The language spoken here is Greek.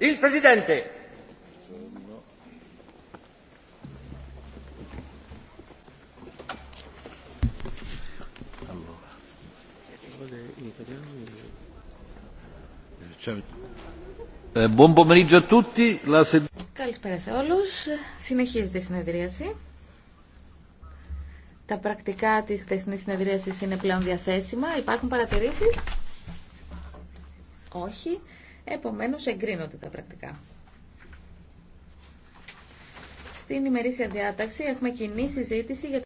Il eh, Καλησπέρα σε όλους. Συνεχίζεται η συνεδρίαση. Τα πρακτικά της χθεσινής συνεδρίασης είναι πλέον διαθέσιμα. Υπάρχουν παρατηρήσεις. Όχι. Επομένως εγκρίνονται τα πρακτικά. Στην ημερήσια διάταξη έχουμε κοινή συζήτηση για